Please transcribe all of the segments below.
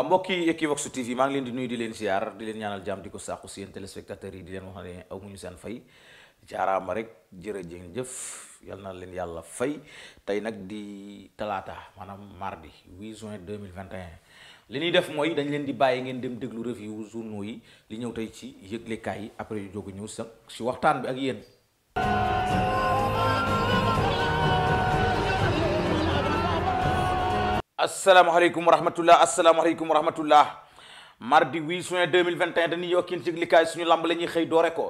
waaw mbokki Equivox TV maa ngi leen di nuy di leen ziar di leen ñaanal jàmm di ko sàqu si yéen téléspectateurs yi di leen wax ne amuñu seen fay jaaraama rek jërëjëf jëf yal na leen yàlla fay tey nag di talaata maanaam mardi 8 juin 2021 li ñuy def mooy dañ leen di bàyyi ngeen dem déglu review journaux yi li ñëw tey ci yëglekaay yi après yu jógu ñëw sa si waxtaan bi ak yéen asalaamaaleykum wa rahmatullah asalaamaaleykum wa rahmatullah mardi 8 juin 2021 dañuy yokkin ci yëglikaay suñu lamb la ñuy xëy doore ko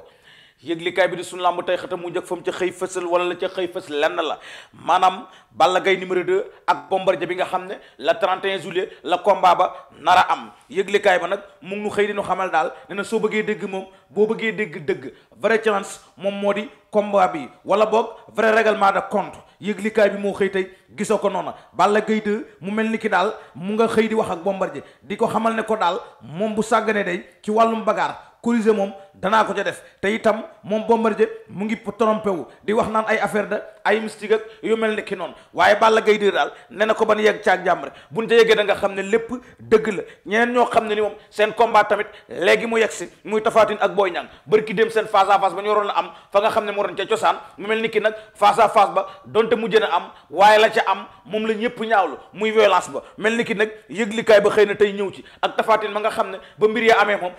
yëglikaay bi di suñu lamb tey xëtam mu njëkk fa mu ca xëy fësal wala la ca xëy fës lenn la maanaam Balla Gaye numéro 2 ak Bombardier bi nga xam ne la 31 juillet la combat ba nara am yëglikaay ba nag mu nu xëy di nu xamal daal ne na soo bëggee dëgg moom boo bëggee dëgg dëgg vrai chance moom moo di combat bi wala boog vrai règlement de compte yëglikaay bi moo xëy tey gisoo ko noona Balla Gaye 2 mu mel ni ki daal mu nga xëy di wax ak Bombardier di ko xamal ne ko daal moom bu sàgganee day ci wàllum bagaar corrigé moom danaa ko ca def te itam moom Bombardier mu ngi trompé wu di wax naan ay affaire da ay mystique ak yu mel ni ki noonu waaye Balla Gaye dee daal ne na ko ban yegg ak jàmm rek buñ ca yeggee nga xam ne lépp dëgg la ñeneen ñoo xam ne ni moom seen combat tamit léegi mu yegg si muy tafaatin ak Boy Niang bërki dem seen fas à face ba ñu waroon a am fa nga xam ne moo doon ca cosaan mu mel ni ki nag face à face ba donte mu na am waaye la ca am moom la ñëpp ñaawlu muy violence ba mel ni ki nag yëglikaay ba xëy na tey ñëw ci ak tafaatin ba nga xam ne ba mbir ya amee moom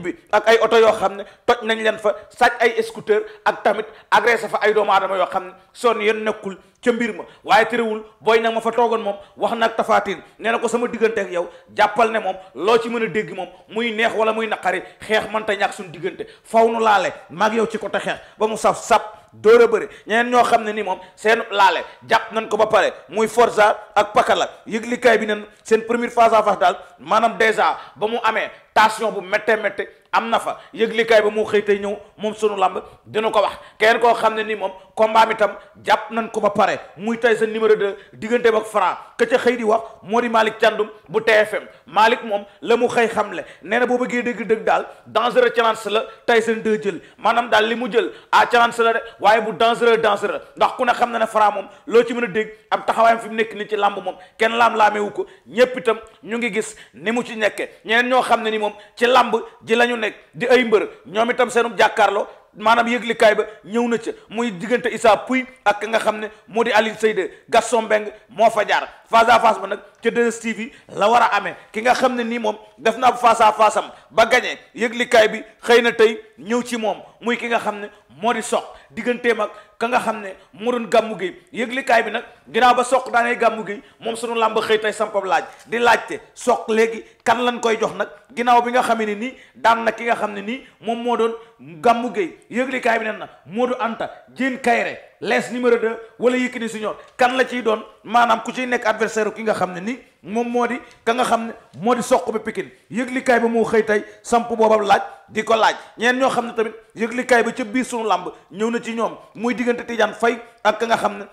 bi ak ay oto yoo xam ne toj nañ leen fa sàcc ay scooter ak tamit agressé fa ay doomu aadama yoo xam ne son yéen kul ca mbir ma waaye terewul booy nag ma fa toogoon moom wax nag tafaatin nee na ko sama diggante ak yow jàppal ne moom loo ci mën a dégg moom muy neex wala muy naqari xeex mënta ñàkk suñu diggante faw nu laale maag yow ci côté xeex ba mu saf sap dóor a bëri ñoo xam ne ni moom seen laale jàpp nañ ko ba pare muy forsa ak Pakala yëglikaay bi nan seen première face à face daal maanaam dèjà ba mu amee tension bu méttee méttee am na fa yëglikaay ba mu xëy tey ñëw moom sunu lamb dina ko wax kenn koo xam ne ni moom combat bi tam jàpp nañ ko ba pare muy tey sa numéro 2 digganteem ak Franc ka ca xëy di wax moo di Malick Thiandoum bu TFM Malick moom la mu xëy xamle nee na boo bëggee dégg dëgg daal dangereux challenge la tey seen deux jël maanaam daal li mu jël ah challenge la de waaye bu dangereux dangereux ndax ku ne xam na ne Franc moom loo ci mën a dégg ab taxawaayam fi mu nekk nii ci lamb moom kenn laam-laamewu ko ñépp itam ñu ngi gis ni mu ci nekke ñeneen ñoo xam ne ni moom lamb ji nekk di ay mbër ñoom itam seenum jàkkaarloo maanaam yëglikaay ba ñëw na ca muy diggante Issa Pouye ak nga xam ne moo di Alioune Seye 2 Gaston moo fa jaar face ba nag ca 2STV la war a amee ki nga xam ne nii moom def naa ab face à face am ba gagné yëglikaay bi xëy na tey ñëw ci moom muy ki nga xam ne moo di soq digganteem ak ka nga xam ne moo doon gàmmu gi yëglikaay bi nag ginnaaw ba soq daanee gàmmu gi moom sunu làmb xëy tey sampab laaj di laajte soq léegi kan lañ koy jox nag ginnaaw bi nga xam ne nii daan na ki nga xam ne nii moom moo doon gàmmu gi yëglikaay bi ne na moo du Anta Diène Kaïré les numéro 2 wala Yékini senior kan la ciy doon maanaam ku ciy nekk adversaire ki nga xam ne ni moom moo di ka nga xam ne moo di soq bi pikin yëglikaay ba moo xëy tey samp boobam laaj di ko laaj ñeen ñoo xam ne tamit yëglikaay ba ca biir sunu làmb ñëw na ci ñoom muy diggante Tidiane Faye ak ka nga xam ne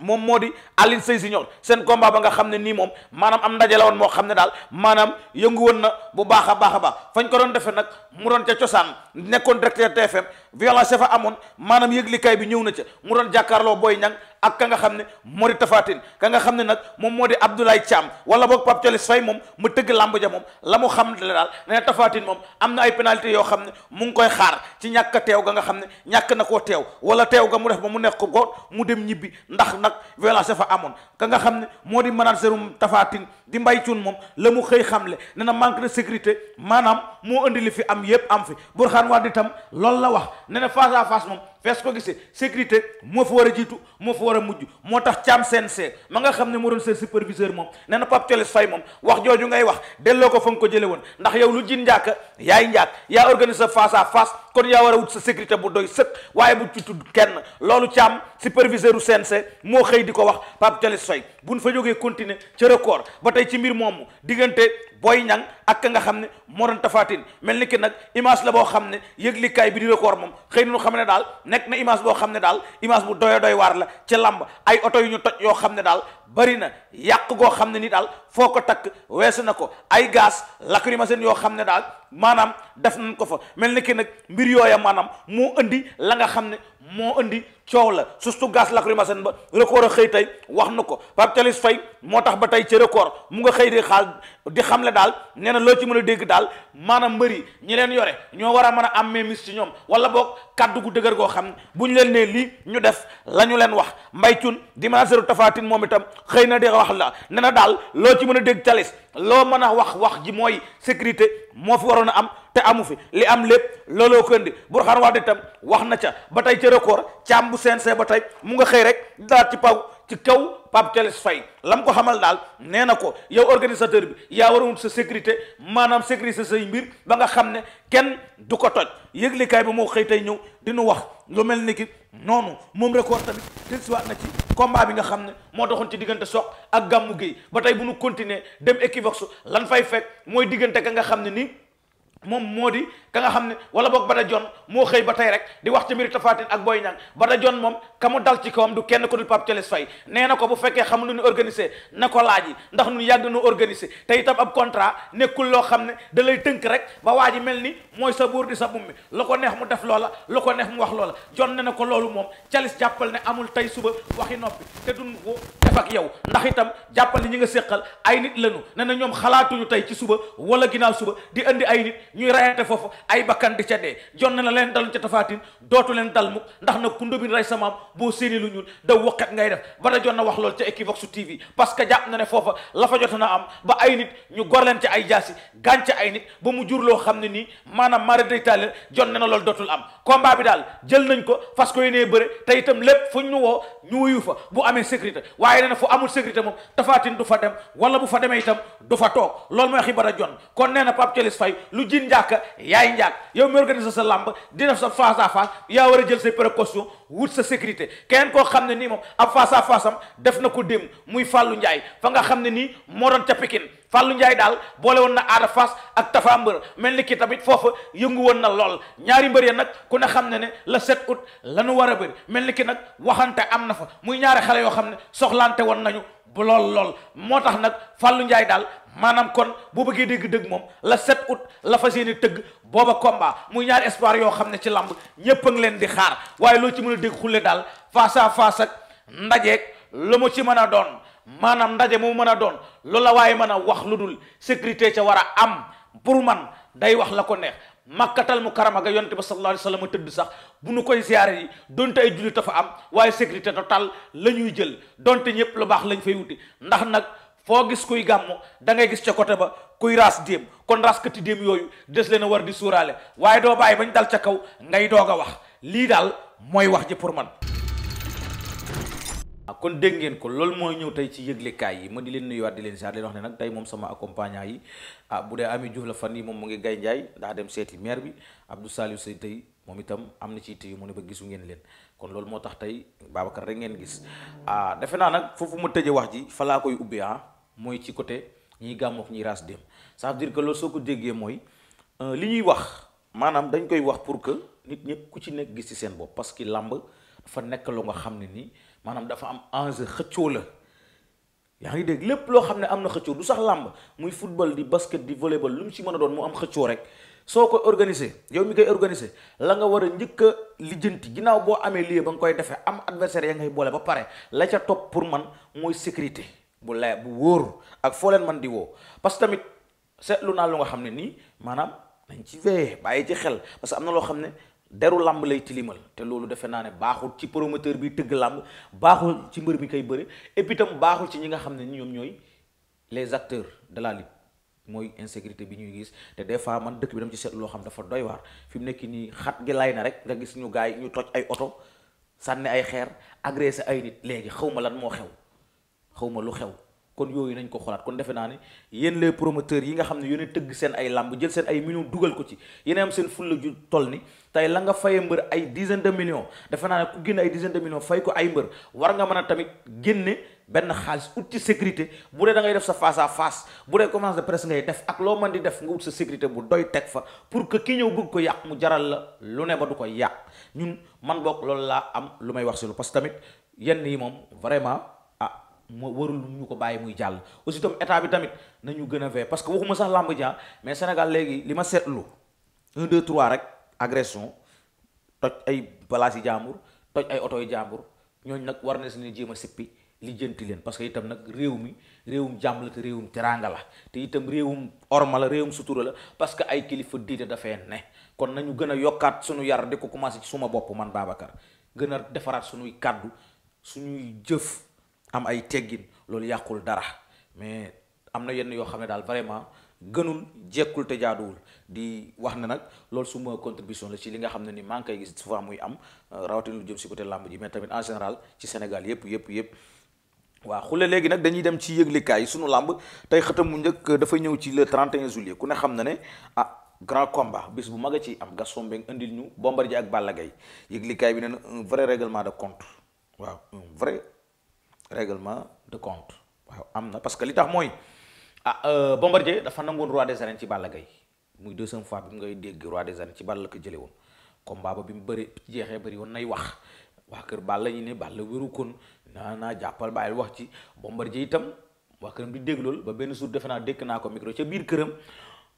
moom moo di Alioune Sèye Junior seen combat ba nga xam ne nii moom maanaam am ndaje la woon moo xam ne daal maanaam yëngu woon na bu baax a baax a baax fañ ko doon defee nag mu doon ca cosaan nekkoon directeur TFM violence fa amoon maanaam yëglikaay bi ñëw na ca mu doon jàkkaarloo booy Niang ak ka nga xam ne moo di tafaatin ka nga xam ne nag moom moo di Abdoulaye am wala boog Pape Thialis Faye moom mu tëgg làmb ja moom la mu xam ne daal nee moom am na ay pénalité yoo xam ne mu ngi koy xaar ci ñàkk teew ga nga xam ne ñàkk na koo teew wala teew ga mu def ba mu nekk ko góor mu dem ñibbi ndax nag violence fa amoon ka nga xam ne moo di managerum tafaatin di mbay cuun moom la mu xëy xamle ne na manque de sécurité maanaam moo indi li fi am yépp am fi burxaan waa di tam loolu la wax ne na face moom fees ko gisee sécurité moo fa war a jiitu moo fa war a mujj moo tax caam CNC ma nga xam ne moo doon seen superviseur moom nee na Pape Thiolès Faye moom wax jooju ngay wax delloo ko fa nga ko jële woon ndax yow lu jin njaaka yaay njaak yaa sa face à face kon yaa war a wut sa sécurité bu doy sëkk waaye bu ci tudd kenn loolu caam superviseur u CNC moo xëy di ko wax Pape Thiolès bu nu fa jógee continuer ca record ba tey ci mbir moomu diggante booy ñan ak ka nga xam ne moo doon tafaatin mel ni ki nag image la boo xam ne yëglikaay bi di record moom xëy na ñu xam ne daal nekk na image boo xam ne daal image bu doy doy waar la ci làmb ay oto yu ñu toj yoo xam ne daal bari na yàq goo xam ne nii daal foo ko takk weesu na ko ay gaz lacrymogène yoo xam ne daal maanaam def nañ ko fa mel ni ki nag mbir yooya maanaam moo indi la nga xam ne moo indi coow la surtout gaz lacrymogène ba record a xëy tey wax na ko Pape Thialis Faye moo tax ba tey ci record mu nga xëy di xaal di xamle daal nee na loo ci mën a dégg daal maanaam mbëri ñi leen yore ñoo war a mën a am mis ci ñoom wala boog kaddu gu dëgër goo xam bu ñu leen nee lii ñu def la ñu leen wax mbay cun di manageru tafaatin moom itam xëy na di wax la ne na daal loo ci mën a dégg Thialis loo mën a wax wax ji mooy sécurité moo fi waroon a am te amu fi li am lépp looloo ko indi Bourkhane Wade itam wax na ca ba tey ca record càmm bu CNG ba tey mu nga xëy rek daal ci paw ci kaw Pape Teles Faye lam ko xamal daal nee na ko yow organisateur bi yaa war a wut sa sécurité maanaam sécurité say mbir ba nga xam ne kenn du ko toj yëglekaay bi moo xëy tey ñëw dinu wax lu mel ni ki noonu moom record tamit dellusiwaat na ci combat bi nga xam ne moo doxoon ci diggante Sokh ak Gamou Gueye ba tey bu nu continuer dem Equivox lan fay fekk mooy diggante ka nga xam ne nii moom moo di ka nga xam ne wala boog Bada Jon moo xëy ba tey rek di wax ci mbiri Tapha Tine ak Boy Niang Bada Jon moom ka mu dal ci kawam du kenn ko dul Pape Thialis Faye nee na ko bu fekkee xam lu ñu organisé na ko laaj ndax ñun yàgg nu itam ab contrat nekkul loo xam ne da tënk rek ba waa ji mel ni mooy sa buur di sa bummi lu ko neex mu def loola lu ko neex mu wax loola Jon ne na ko loolu moom Thialis jàppal ne amul tey suba waxi noppi te du ko def ak yow ndax itam jàppal ne ñi nga séqal ay nit lañu ne na ñoom xalaatuñu tey ci suba wala ginnaaw suba di indi ay nit ñuy rayante foofu ay bakkan di ca dee jonn na leen dal ca tafaatin dootu leen dal mukk ndax nag ku ndóbin ray sa maam boo séeni lu ñuul da waqet ngay def ba da jonna wax lool ca Equivox TV parce que jàpp na ne foofa la fa na am ba ay nit ñu gor leen ca ay jaasi gaañ ca ay nit ba mu jur loo xam ne nii maanaam mara day taaleel jonn na loolu dootul am combat bi daal jël nañ ko fas ko yéenee bëre te itam lépp fu ñu woo ñu wuyu fa bu amee sécurité waaye nee na fu amul sécurité moom tafaatin du fa dem wala bu fa demee itam du fa toog loolu mooy xibara jonn kon nee na Pape Thialis Faye jiin njàkka yaay njàkk yow mi organiser sa lamb di def sa face à yaa war a jël say précaution wut sa sécurité keneen koo xam ne nii nga xam ne nii moo doon ca Pikine Fallou Ndiaye daal boole woon na Ada Fass ak Tafa Mbër mel ni ki tamit foofa yëngu woon na lool ñaari mbër ya nag ku ne xam ne ne le 7 août la ñu war a bëri mel ni ki nag waxante am na fa muy ñaari xale yoo xam ne soxlante woon nañu bu lool lool moo tax nag Fallou Ndiaye daal maanaam kon bu bëggee dégg dëgg moom la 7 août la fa yéene tëgg booba combat muy ñaari espoir yoo xam ne ci lamb ñépp a leen di xaar waaye loo ci mën a dégg xulle daal face à face ak ndajeeg lu mu ci mën a doon maanaam ndaje mu mën a doon la waaye mën a wax lu dul sécurité ca war a am pour man day wax la ko neex makkatal mu karama ga yonte ba sallallahu alayhi wasallam tëdd sax bu nu koy ziyaare yi donte ay dafa am waaye sécurité totale la ñuy jël donte ñëpp lu baax lañ fay ndax nag foo gis kuy gàmmu da gis ca côté ba kuy raas déem kon déem yooyu des leen a war di suuraale waaye doo bàyyi bañ dal ca kaw ngay doog a wax lii daal mooy wax ji pour man. Ah, kon dégg ngeen ko loolu mooy ñëw tey ci yëglekaay yi ma di leen nuyuwaat di leen ziar leen wax ne nag tey moom sama accompagnant yi ah bu dee Ami Diouf la fan yi moom mu ngi gay njaay ndax dem seeti maire bi Abdou Saliou Sey tey moom itam am na ci tey mu ne ba gisu ngeen leen kon loolu moo tax tey Babacar rek ngeen gis ah defe naa nag foofu ma tëje wax ji fa koy ubbi ah, mooy ci côté ñiy gàmmook ñiy raas dem ça veut que loolu soo ko déggee mooy euh, li ñuy wax maanaam dañ koy wax pour que nit ñëpp ku ci nekk gis ci seen bopp parce que làmb fa nekk lu nga xam ne nii maanaam dafa am enjeu xëccoo la yaa ngi dégg lépp loo xam ne am na xëccoo du sax làmb muy football di basket di volleyball lu mu ci mën a doon mu am xëccoo rek soo ko organisé yow mi koy organisé la nga war a njëkk a lijjanti ginnaaw boo amee lieu ba nga koy defee am adversaire ya ngay boole ba pare la ca topp pour man mooy sécurité bu la bu wóor ak foo leen man di woo parce que tamit seetlu naa lu nga xam ne nii maanaam nañ ci veillé bàyyi ci xel parce que am na loo xam ne deru làmb lay tilimal te loolu defe naa ne baaxul ci promoteur bi tëgg làmb baaxul ci mbër bi kay bëre et puis baaxul ci ñi nga xam ne ñoom ñooy les acteurs de la lutte mooy insécurité bi ñuy gis te des fois man dëkk bi dama ci seet loo xam dafa doy waar fi mu nekk nii xat gi lay na rek nga gis ñu gaay ñu toj ay oto sànni ay xeer agressé ay nit léegi xaw ma lan moo xew xaw ma lu xew kon yooyu nañ ko xoolaat kon defe naa ne yéen les promoteurs yi nga xam ne yéen a tëgg seen ay làmb jël seen ay millions dugal ko ci yéen am seen fulla ju toll ni tey la nga faye mbër ay dizaine de millions defe naa ne ku génne ay dizaine de millions fay ko ay mbër war nga mën a tamit génne benn xaalis ut ci sécurité bu dee da def sa face à face bu dee conférence de presse ngay def ak loo mën di def nga ut sa sécurité bu doy teg fa pour que ki ñëw bëgg ko yàq mu jaral la lu ne ba du ko yàq ñun man boog loolu laa am lu may wax si lu parce que tamit yenn yi moom vraiment moo warul ñu ko bàyyi muy jàll aussi tam état bi tamit nañu gën a vee parce que waxuma sax làmb ja mais Sénégal léegi li ma seetlu un deux trois rek agression toj ay palaas yi jàmbur toj ay oto yi jàmbur ñooñ nag war na si ne jéem a sippi li jënti leen parce que itam nag réew mi réewum jàmm la te réewum teraanga la te itam réewum orma la réewum sutura la parce que ay kilifa diite dafee ne kon nañu gën a yokkaat suñu yar di ko commencé ci suma bopp man Babacar gën a defaraat suñuy kàddu am ay teggin loolu yàqul dara mais am na yenn yoo xam ne daal vraiment gënul jekkul te jaaduwul di wax ne nag loolu suma contribution la ci li nga xam ne ni maa ngi koy gis souvent muy am euh, rawatina lu jëm si côté làmb ji mais tamit en général ci Sénégal yépp yépp yépp waaw xule léegi nag dañuy dem ci yëglikaay suñu làmb tey xëtam mu njëkk dafa ñëw ci le 31 juillet ku ne xam na ne ah grand combat bis bu mag a ci am Gaston Mbengue indil ñu bombar ji ak Balla Gaye bi nee na un vrai règlement de compte waaw règlement de compte waaw am na parce que li tax mooy ah euh, Bombardier dafa nangoon roi des arènes ci Balla gay muy deuxième fois bi ngay dégg roi des arènes ci Balla la ko jële woon combat ba bi mu bëri jeexee bari woon nay wax waa kër Balla ñu ne Balla wéru kon naa naa jàppal bàyyil wax ci Bombardier itam waa këram di dégg loolu ba benn suur defe naa dékk naa ko micro ca biir këram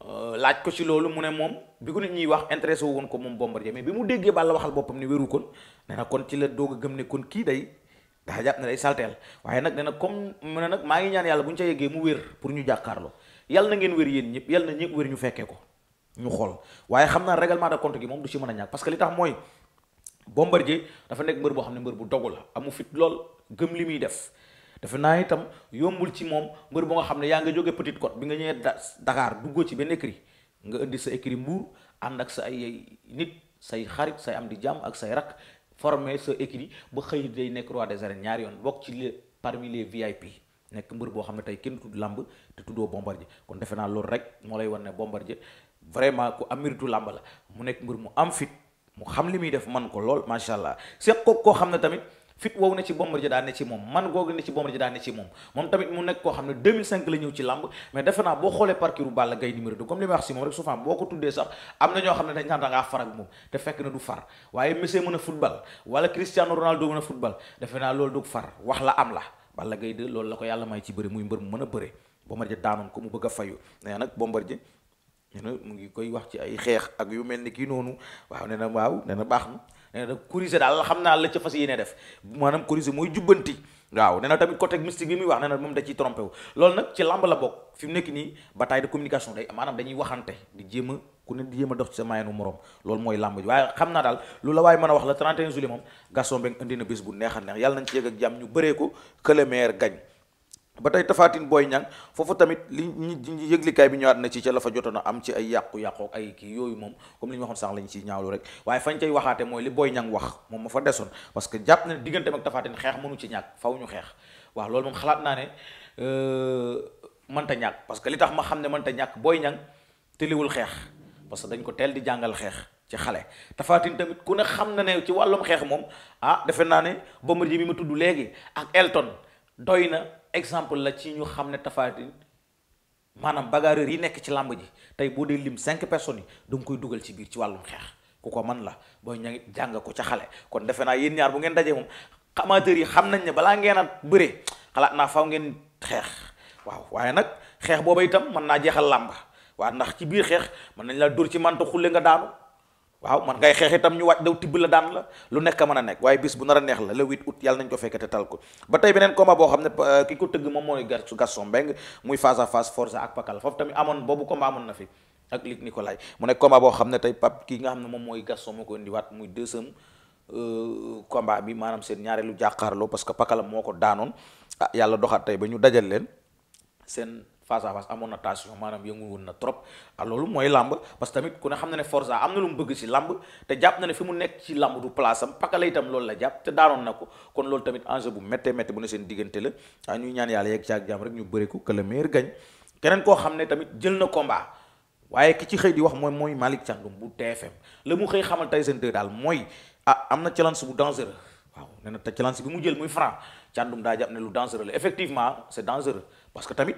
euh, laaj ko ci loolu mu ne moom bi ko nit ñuy wax intéressé woon ko moom Bombardier mais bi mu déggee Balla waxal boppam ne wéru kon nee na kon ci la doog gëm ne kon kii day dafa jàpp ne day salteel waaye nag nee na comme mu ne nag maa ngi ñaan yàlla bu ñu ca yeggee mu wér pour ñu jàkkaarloo yàlla na ngeen wér yéen ñëpp yàlla na ñëpp wér ñu fekkee ko ñu xool waaye xam naa règlement de compte gi moom du si mën a ñàkk parce que li tax mooy Bombardier dafa nekk mbër boo xam ne mbër bu dogu la amu fit lool gëm li muy def dafa naa itam yombul ci moom mbër bu nga xam ne yaa nga jóge Petite Côte bi nga ñëwee dakaar duggoo ci benn écrit nga indi sa écrit Mbour ànd ak sa ay nit say xarit say am di jàmm ak say rak former sa écrit ba xëy day nekk roi des arènes ñaari yoon bokk ci les parmi les VIP nekk mbër boo xam ne tey kenn tudd làmb te tuddoo Bombardier kon defe naa loolu rek moo lay wan ne Bombardier vraiment ku am amiritu làmb la mu nekk mbër mu am fit mu xam li muy def man ko lool macha allah seq koo xam ne tamit. fit wow na ci Bombardier daa ne ci moom man googu ne ci Bombardier daa ne ci moom moom tamit mu nekk koo xam ne 2005 la ñëw ci làmb mais defe naa boo xoolee parcours Balla Gaye numéro 2 comme li may wax si moom boo ko tuddee sax am na ñoo xam ne dañ naan da ngaa far ak moom te a a football loolu la ko yàlla may ci bëri muy mu mën a bëre Bombardier daanoon ko mu bëgg a fayu nee nag Bombardier mu ngi koy wax ci ay xeex ak yu mel ni kii noonu waaw ne na waaw nee na baax na nee na corriger daal xam naa la ca fas yéene def maanaam corriger mooy jubbanti waaw nee na tamit côté mystique bi muy wax nee na moom da ci làmb la bokk fi nekk nii bataille de communication day maanaam dañuy waxante di jéem a ku ne di dox ci sa maayanu morom loolu mooy làmb ji waaye xam naa daal lu la waaye mën a wax la 31 juillet moom Gaston Mbengue indi na bés bu neex a neex yàlla nañ ci yegg ak jàmm ñu bëree ko que le ba tey tafaatin booy ñang foofu tamit li ñu yëglikaay bi ñëwaat na ci ca la fa jotoon a am ci ay yàqu-yàqu ay kii yooyu moom comme li ñu waxoon sànq lañ ci ñaawlu rek waaye fañ cay waxaate mooy li booy wax moom ma fa desoon parce que jàpp na ne diggante ak tafaatin xeex mënu ci ñàkk ñu xeex waaw loolu moom xalaat naa ne euh, mënta ñàkk parce que li tax ma xam ne mënta ñàkk booy ñang tëliwul xeex parce que dañ ko teel di jàngal xeex ci xale tafaatin tamit ku ne xam na ne ci wàllum xeex moom ah defe naa ne Bombardier bi ma tudd léegi ak Elton doy na exemple la ci ñu xam ne Tapha maanaam bagarreur yi nekk ci làmb ji tey boo dee lim cinq personnes yi da koy dugal ci biir ci wàllum xeex ku ko man la booy ña jàng ko ca xale kon defe naa yéen ñaar bu ngeen dajee moom amateurs yi xam nañ ne balaa ngeen a bëree xalaat naa faaw ngeen xeex waaw waaye nag xeex booba itam mën naa jeexal làmb waaw ndax ci biir xeex mën nañ la dóor ci manta xulle nga daanu waaw man ngay xeex itam ñu wàaj daw tibb la daan la lu nekk mën a nekk waaye bis bu nar a neex la le 8 août yàlla nañ ko fekkete tal ko ba tey beneen combat boo xam ne ki ko tëgg moom mooy gar Gaston Mbengue muy face à face Forza ak amoon boobu combat amoon na fi ak Luc Nicolaï mu nekk combat boo xam ne tey pap ki nga xam ne moom mooy Gaston moo ko indiwaat muy deuxième euh, combat bi maanaam seen ñaareelu jàkkaarloo parce que Pakala moo ko daanoon ah yàlla doxaat tey ba ñu dajal leen seen face à face amoon na tension maanaam yëngu woon na trop a ah, loolu mooy làmb parce tamit ku ne xam na ne Forza am na lu mu bëgg ci làmb te jàpp na ne fi mu nekk ci làmb du place am pakala itam loolu la jàpp ne ah, wax mooy mooy Malick Thiandoum bu TFM la mu xëy xamal Tyson 2 daal mooy ah am na challenge bu dangereux waaw bi mu jël muy franc Thiandoum daa jàpp ne lu dangereux la effectivement c'est dangereux parce tamit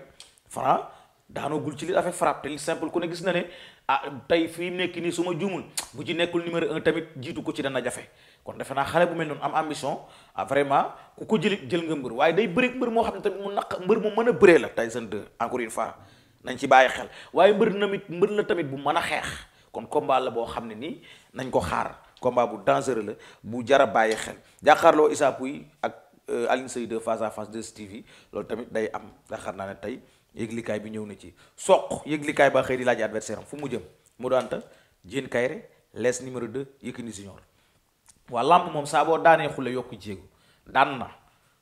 Franc daanoogul ci li avec frappe te li simple ku ne gis na ne ah tey fii nekk nii su ma juumul bu ci nekkul numéro un tamit jiitu ko ci dana jafe kon defe naa xale bu mel noonu am ambition ah vraiment ku ko jëli jël nga mbër waaye day bëri mbër moo xam ne tamit mu naq mbër mu mën a bëree la Tyson 2 encore une fois nañ ci bàyyi xel waaye mbër namit mbër la tamit bu mën a xeex kon combat la boo xam ne nii nañ ko xaar combat bu dangereux la bu jara bàyyi xel jàkkaarloo Issa Pouye ak euh, Alioune Seye 2 face à face 2STV loolu tamit day am yaakaar naa ne tey yëglikaay bi ñëw na ci soq yëglikaay ba xëy di laaj adversaire am fu mu jëm mu doonta Diène Kairé lees numéro 2 Yékini Junior waa làmb moom saa boo daanee xule yokk jéegu daan na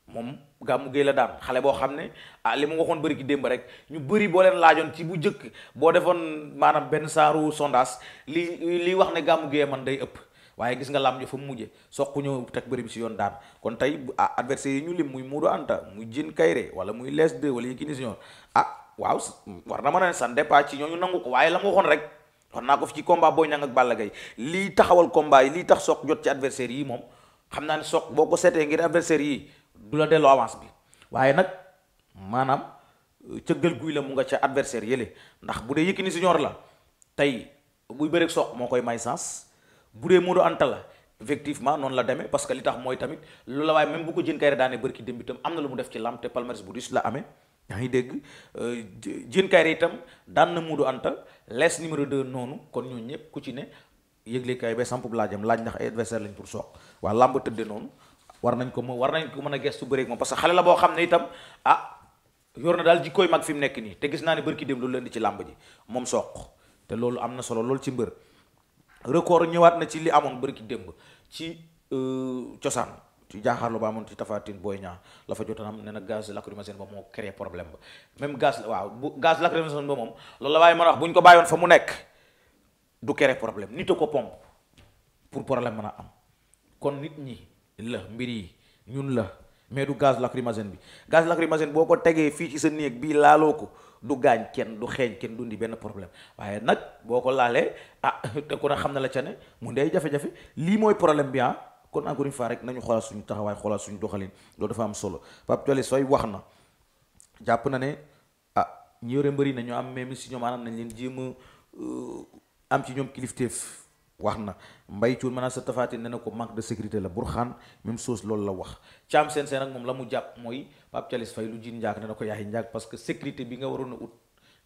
moom gàmmu géey la daan xale boo xam ne ah li mu waxoon bëri ki démb rek ñu bëri boo leen laajoon ci bu njëkk boo defoon maanaam benn saaru sondage li li wax ne gàmmu géey man day ëpp waaye gis nga lam jo fa mu mujje soq ñëw teg bëri bi si yoon daan kon tey ah adversaire yi ñu lim muy Modou Anta mu Jin Kayre wala muy Les 2 wala Yékini Junior ah waaw war na mën a ne san départ ci ñooñu nangu ko waaye la mu waxoon rek wax naa ko fi ci combat Boy Niang ak Balla Gaye lii taxawal combat yi lii tax soq jot ci adversaire yi moom xam naa ne soq boo ko seetee ngir adversaire yi du la delloo avance bi waaye nag maanaam euh, cëggal guy la mu nga ca adversaire yële ndax bu dee Yékini la tey buy bëreeg soq moo koy may sens bu dee Modou Anta la effectivement noonu la demee parce que li tax mooy tamit loolu la waaye même bu ko jën kayre daanee bërki démb itam am na lu mu def ci lam te palmarès bu ngi dégg jën euh, itam daan na Modou Anta lees numéro 2 noonu kon ñooñu ñëpp ku ci ne yëglekaay ba samp laa jëm laaj ndax ay adversaire lañ pour soog waa làmb tëdde noonu war nañ ko mën war nañ mën a gestu bëreeg moom parce que xale la boo xam ne itam ah yor na daal jikkooy fi mu nekk nii te gis naa ne bërki démb lu leen di ci làmb ji moom soq te loolu am na solo loolu ci mbër record ñëwaat na ci li amoon bërki démb ci euh, cosaan ci jaaxaarlu ba amoon ci tafaatin booy ñaax la fa jotoon am ne na gaz lacrymogène ba moo créé problème ba même gaz waaw bu gaz lacrymogène moom loolu la waaye man a wax bu ñu ko bàyyoon fa mu nekk du kere problème nit a ko pompe pour problème mën a am kon nit ñi la mbir yi ñun la mais du gaz lacrymogène bi gaz lacrymogène boo ko tegee fii ci sa néeg bii laaloo ko du gaañ kenn du xeeñ kenn dundi benn problème waaye nag boo ko laalee ah te ku xam na la ca ne mu ndey jafe-jafe lii mooy problème bi ah kon encore une fois rek nañu xoolaat suñu taxawaay xoolaat suñu doxalin loo dafa am solo Pape Thiolès sooy wax na jàpp na ne ah ñi yore mbëri na ñoo am même si ñoom maanaam nañ leen jéem a euh, am ci ñoom kilifteef wax na mbay cuun maanaam sa tafaati ne na ko manque de sécurité la burxaan même chose loolu la wax caam seen seen ak moom la mu jàpp mooy Pape Thialis Faye lu jiin njaag ne na ko yaayi njaag parce que sécurité bi nga waroon a ut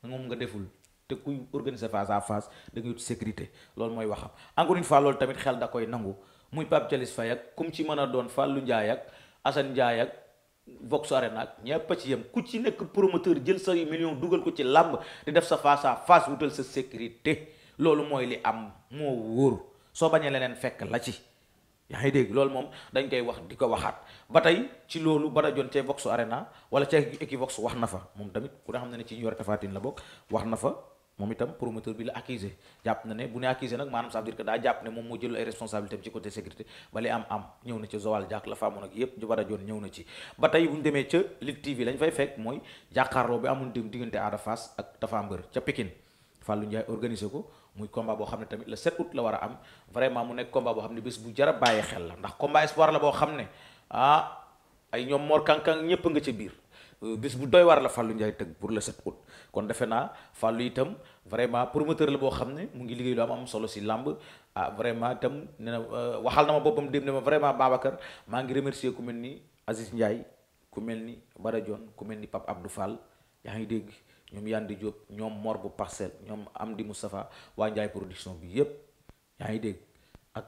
moom nga deful te kuy organiser face à face da ut sécurité loolu mooy waxam encore une fois loolu tamit xel da koy nangu muy Pape Thialis Faye ak comme ci mën a doon Fallou Ndiaye ak Assane Ndiaye ak Vox Arena ak ñépp a ci yem ku ci nekk promoteur jël sa million dugal ko ci làmb di def sa face à face wutal sa sécurité loolu mooy li am moo wóor soo bañee leneen fekk la ci yaa ngi dégg loolu moom dañ koy wax di ko waxaat ba tey ci loolu ba dajoon cee Vox Arena wala cee Equivox wax na fa moom tamit ku ne xam ne ne ci ñu war Tapha la bokk wax na fa moom itam promoteur bi la accusé jàpp na ne bu ne accusé nag maanaam ça veut dire que daa jàpp ne moom moo jël ay responsabilités ci côté sécurité bale am am ñëw na ci Joal jàkk la faamoon nag yépp ñu bara joon ñëw na ci ba tey bu ñu demee ca Ligue TV lañ fay fekk mooy jàkkaarloo bi amul dim diggante Ada Fass ak Tapha Mbeur ca Pikine Fallou Ndiaye organisé ko muy combat boo xam ne tamit le 7 août la war a am vraiment mu nekk combat boo xam ne bés bu jara bàyyi xel la ndax combat espoir la boo xam ne ah ay ñoom moor Kankang ñëpp nga ca biir euh, bés bu doy war la Fallou njaay tëgg pour la 7 août kon defe naa Fallou itam vraiment promoteur la boo xam ne mu ngi liggéey lu am am solo si làmb ah vraiment itam nee na euh, waxal na ma boppam dem ne ma vraiment Babacar maa ngi remercier ku mel ni Aziz Ndiaye ku mel ni Bara Dione ku mel ni Pape Abdou Fall yaa ngi dégg. ñoom Yandi Diop ñoom Mor bu Parcelles ñoom Amdi Moustapha waa Njaay production bi yépp yaa ngi dégg ak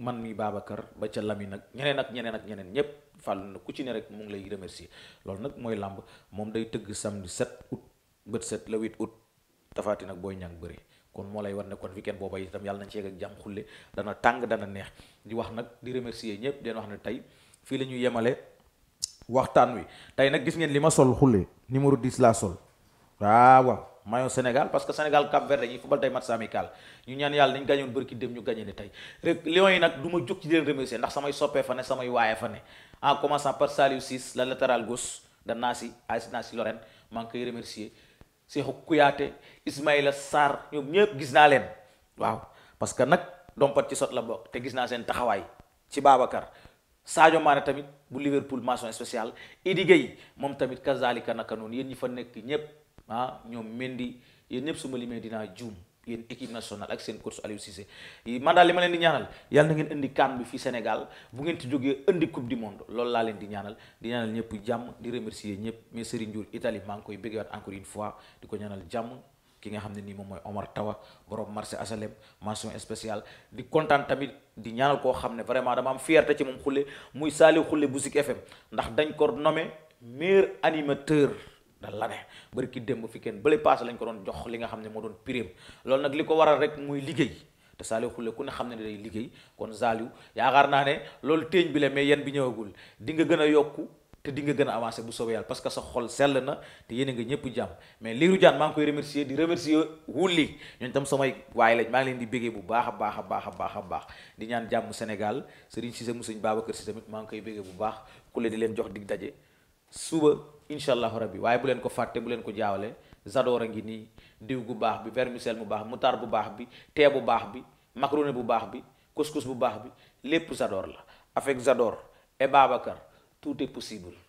man mi Babacar ba ca Lamine nag ñeneen ak ñeneen ak ñeneen ñépp fàllu na ku ci ne rek mu ngi lay remercier loolu nag mooy làmb moom day tëgg samedi 7 août bët set le 8 août tafaati nag booy ñang bëri kon moo lay war ne kon kenn booba itam yàlla nañ ci yegg ak jàmm xulle dana tàng dana neex di wax nag di remercier ñépp den wax na tey fii la ñuy yemale waxtaan wi tey nag gis ngeen li ma sol xulle numéro 10 laa sol waaw ah, waaw maillot Sénégal parce que Sénégal Cap Vert dañuy football tey match amical ñu ñaan yàlla dañ gàñoon bërki dem ñu gàñe ne tey rek Lions yi nag du ma jóg ci di leen remercier ndax samay soppee fa ne samay waaye fa ne en commençant par Saliou Ciss la latéral gauche da Nancy AS Nancy Lorraine maa ngi koy remercier Cheikhou Kouyaté Ismaïla Sarr ñoom ñëpp gis naa leen waaw parce que nag dompat ci sot la bokk te gis naa seen taxawaay ci Babacar Sadio Mané tamit bu Liverpool mention spéciale Idi moom tamit kazalika naka noonu yéen ñi fa nekk ñëpp ah ñoom Mendy yéen ñëpp su ma limee dinaa juum yéen équipe nationale ak seen coach Aliou Cissé eh, man daal li ma leen di ñaanal yàlla na ngeen indi CAN bi fii Sénégal bu ngeen ci jógee indi coupe du monde loolu laa leen di ñaanal di ñaanal ñëpp jàmm di remercier ñëpp mais Serigne Ndiour Italie maa ngi koy béggewaat encore une fois di ko ñaanal jàmm ki nga xam ne nii moom mooy Omar Tawa borom marché asalem mention spéciale di kontaan tamit di ñaanal koo xam ne vraiment dama am fierté ci moom xulle muy Saliou xulle bu Zik FM ndax dañ ko nommé animateur da la ne bari ki fi kenn bële paase lañ ko doon jox li nga xam ne moo doon prime loolu nag li ko waral rek muy liggéey te Saliou Khoulé ku ne xam ne day liggéey kon Saliou yaakaar naa ne loolu téeñ bi la mais yéen bi ñëwagul di nga gën a yokku te di nga gën a avancé bu soobee yàlla parce que sa xol sell na te yéen nga ñëpp jàmm mais liiru jaan maa ngi koy remercier di remercier wulli ñooñu tam samay waaye lañ maa ngi leen di béggee bu baax a baax a baax a a baax di ñaan jàmm Sénégal Serigne Cissé mu Serigne tamit maa ngi koy béggee bu baax Khoulé di leen jox dig daje suba incha allahu rabbi waaye bu leen ko fàttee bu leen ko jaawale zadoor a ngi nii diw bu baax bi vermicelle bu baax moutarde bu baax bi thé bu baax bi macaroni bu baax bi couscous bu baax bi lépp zadoor la avec zadoor et Babacar tout est possible